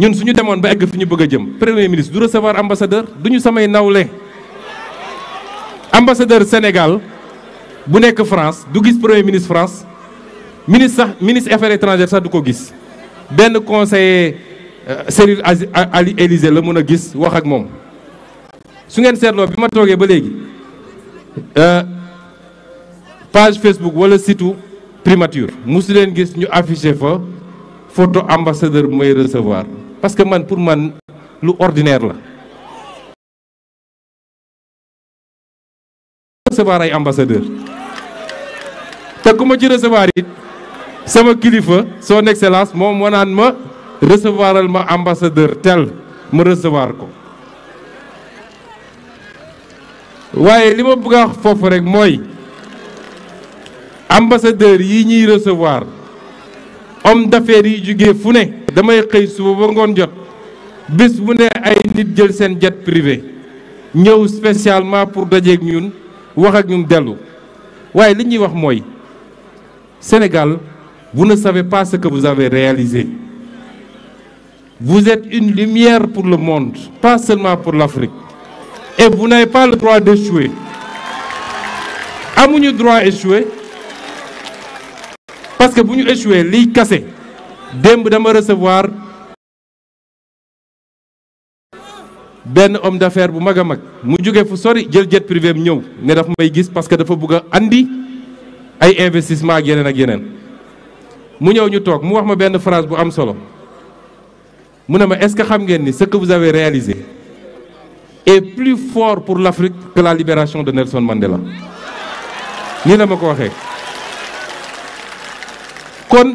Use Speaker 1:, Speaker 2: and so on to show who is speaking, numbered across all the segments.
Speaker 1: ñun suñu demoon ba egg fi ñu bëgg a jëm premier ministre du recevoir ambassadeur du ñu samay nawle ambassadeur Sénégal bu nekk France du gis premier ministre France ministre sax ministre affaires étrangères sax du ko gis benn conseiller euh, Cyril Ali Élysée la mën a gis wax ak moom su ngeen seetloo bi ma toogee ba léegi euh, page Facebook wala situ primature musu leen gis ñu affiché fa photo ambassadeur bu may recevoir parce que man pour man lu ordinaire la recevoir ay ambassadeur ci recevoir it sama kilifa son excellence moom moo ma recevoiral ma ambassadeur tel ma recevoir ko waaye li ma bëgg foofu rek mooy ambassadeur yi ñuy resevoir homme d'affaires yi jóge fu ne damay xey suba ba ngoon jot bés bu ne ay nit jël seen jet privé ñëw spécialement pour dajeeg ñun wax ak ñun dellu waaye li ñuy wax Sénégal vous ne savez pas ce que vous avez réalisé vous êtes une lumière pour le monde pas seulement pour l'Afrique et vous n'avez pas le droit d'échouer amuñu droit d'échouer parce que bu ñu échouer liy kase démb dama recevoir benn homme d'affaires bu mag a mag mu jóge fu sori jël jet privé ñëw ne daf may gis parce que dafa bëgg a ay investissement ak yeneen ak yeneen mu ñëw ñu toog mu wax ma benn phrase bu am solo mu ne ma est-ce que xam ngeen ni ce que vous avez réalisé est plus fort pour l'Afrique que la libération de Nelson Mandela nii la ma ko waxee kon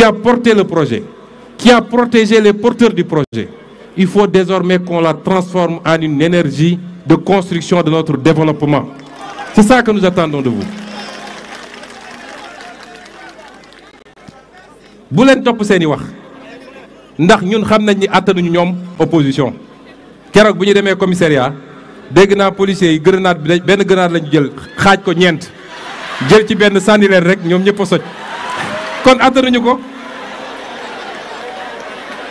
Speaker 1: qui a porté le projet, qui a protégé les porteurs du projet. Il faut désormais qu'on la transforme en une énergie de construction de notre développement. C'est ça que nous attendons de vous. bu leen top seeni wax ndax ñun xam nañ ni ñu ñom opposition kérok bu ñu demee commissariat dégg na policiers yi grenade bi benn grenade lañu jël xaj ko ñent jël ci ben sànni rek ñom ñëpp a soj kon àttanuñu ko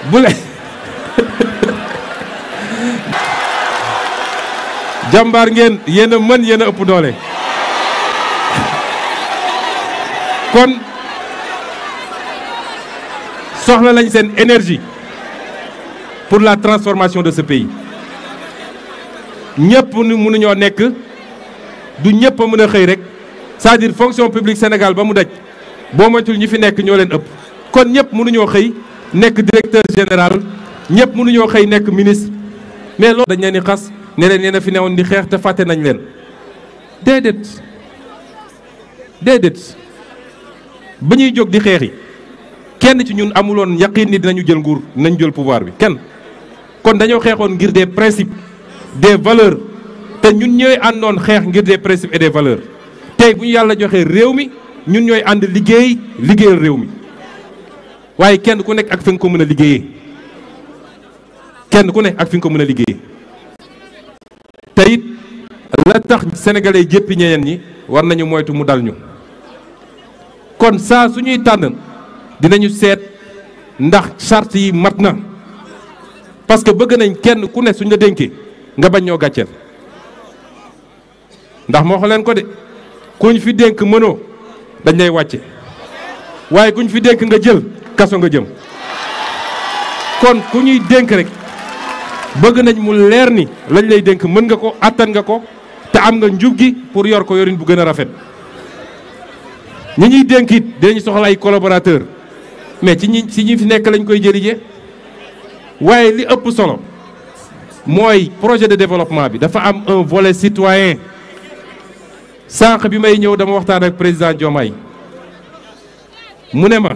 Speaker 1: Boule. Jambar jàmbaar ngeen yéen a ëpp doole kon soxla lañ seen énergie pour la transformation de ce pays ñëpp nu mënuñoo nekk du ñëpp a mën a xëy rek c'est-à-dire fonction publique Sénégal ba mu daj boo moytul ñi fi nekk ñoo leen ëpp kon ñëpp mënuñoo xëy nekk directeur général ñëpp ñoo xëy nekk ministre mais loolu dañ leen di xas ne leen yéen a fi newoon di xeex te fàtte nañ leen déedéet déedéet ba ñuy jóg di xeex yi kenn ci ñun amuloon yaqin ni dinañu jël nguur dinañ jël pouvoir bi kenn kon dañoo xeexoon ngir dee principes des valeur te ñun ñooy àndoon xeex ngir des principes et des valeurs tey bu ñu yàlla joxee réew mi ñun ñooy ànd liggéey liggéeyal réew mi waaye kenn ku nekk ak fi nga ko mën a liggéeyee kenn ku nekk ak fi nga ko mën a liggéeyee te la tax sénégalais jéppi ñeneen ñi war nañu moytu mu dal ñu kon saa su ñuy tànn dinañu seet ndax charte yi mat na parce que bëgg nañ kenn ku ne suñ la dénkee nga bañ ñoo gàcceel ndax moo xam leen ko de kuñ fi dénk mënoo dañ lay wàcce waaye kuñ fi dénk nga jël kaso nga jëm kon ku ñuy dénk rek bëgg nañ mu leer ni lañ lay dénk mën nga ko attan nga ko te am nga njub gi pour yor ko yorin bu gën a rafet ñi ñuy dénk it dinañ soxla ay collaborateur mais ci ñi ci ñi fi nekk lañ koy jërijee waaye li ëpp solo mooy projet de développement bi dafa am un volet citoyen sànq bi may ñëw dama waxtaan ak président Diomaye mu ne ma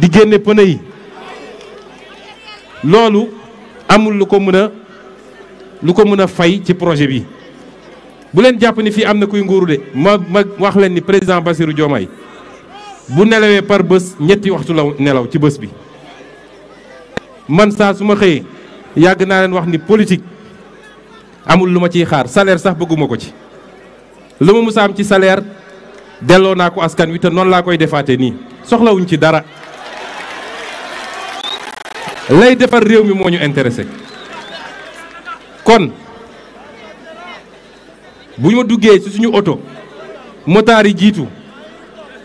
Speaker 1: di génne pneu yi loolu amul lu ko mën a lu ko mën a fay ci projet bi bu leen jàpp ni fii am na kuy nguuru de ma mag wax leen ni président Bassirou Diomaye bu nelawee par bés ñetti waxtu la nelaw ci bës bi man saa su ma xëyee yàgg naa leen wax ni politique amul lu ma ciy xaar salaire sax bëgguma ko ci lu ma musa am ci salaire delloo naa ko askan wi te noonu laa koy defaatee nii soxlawuñ ci dara lay defar réew mi moo ñu intéressé kon bu ma duggee ci suñu oto motaar yi jiitu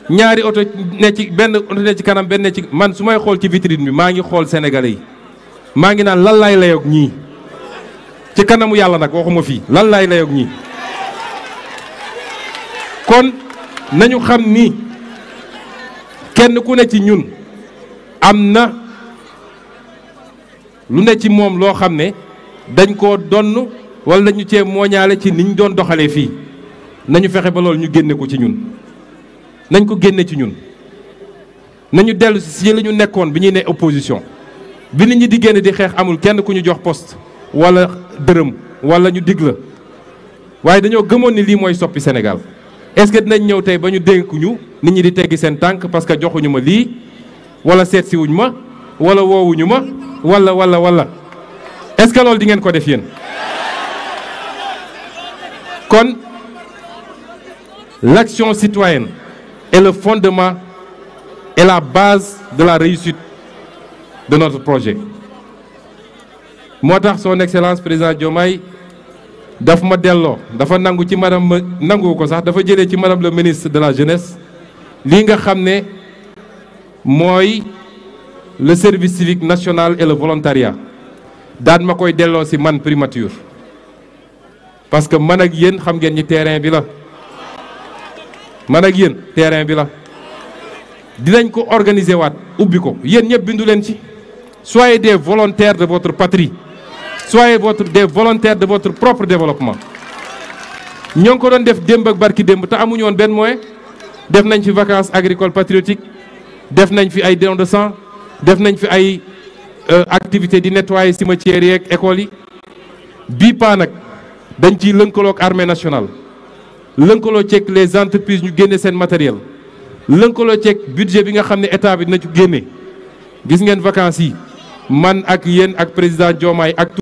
Speaker 1: ñaari oto ne ci benn oto ne ci kanam benn ne ci man su may xool ci vitrine bi maa ngi xool sénégalais yi maa ngi naan lan laay layoog ñi ci kanamu yàlla nag waxuma fii lan laay layoog ñi kon nañu xam ni kenn ku ne ci ñun am na. lu ne ci moom loo xam ne dañ ko donn wala dañu cee mooñaale ci niñ doon doxalee fii nañu fexe ba loolu ñu génne ko ci ñun nañ ko génne ci ñun nañu dellu si si ñu nekkoon bi ñuy ne opposition bi nit ñi di génn di xeex amul kenn ku ñu jox post walla dërëm wala ñu digla waaye dañoo gëmoon ni lii mooy soppi Sénégal est-ce que dinañ ñëw tey ba ñu dénk ñu nit ñi di teggi seen tànk parce que joxuñu ma lii wala seet si ma wala woowuñu ma wala wala wala est-ce que loolu di ngeen ko def yéen kon l'action citoyenne est le fondement et la base de la réussite de notre projet moo tax son excellence président Diomaye daf ma delloo dafa nangu ci madame nangu ko sax dafa jëlee ci madame le ministre de la jeunesse lii nga xam ne mooy le service civique national et le volontariat je ma sais man primature parce que man ak ni terrain man ak terrain bi la ko organiser soyez des volontaires de votre patrie soyez votre des volontaires de votre propre développement Ñong ko def ak barki amuñu moyen def vacances agricoles patriotiques de sang def nañ fi ay euh, activité di nettoyer cimetières yeeg écoles yi bi paa nag dañ ci lënkalook armée nationale lënkaloo ceeg les entreprises ñu génne seen matériel lënkaloo ceeg budget bi nga xam ne état bi na ci génne gis ngeen vacances yi man ak yéen ak président Diomaye ak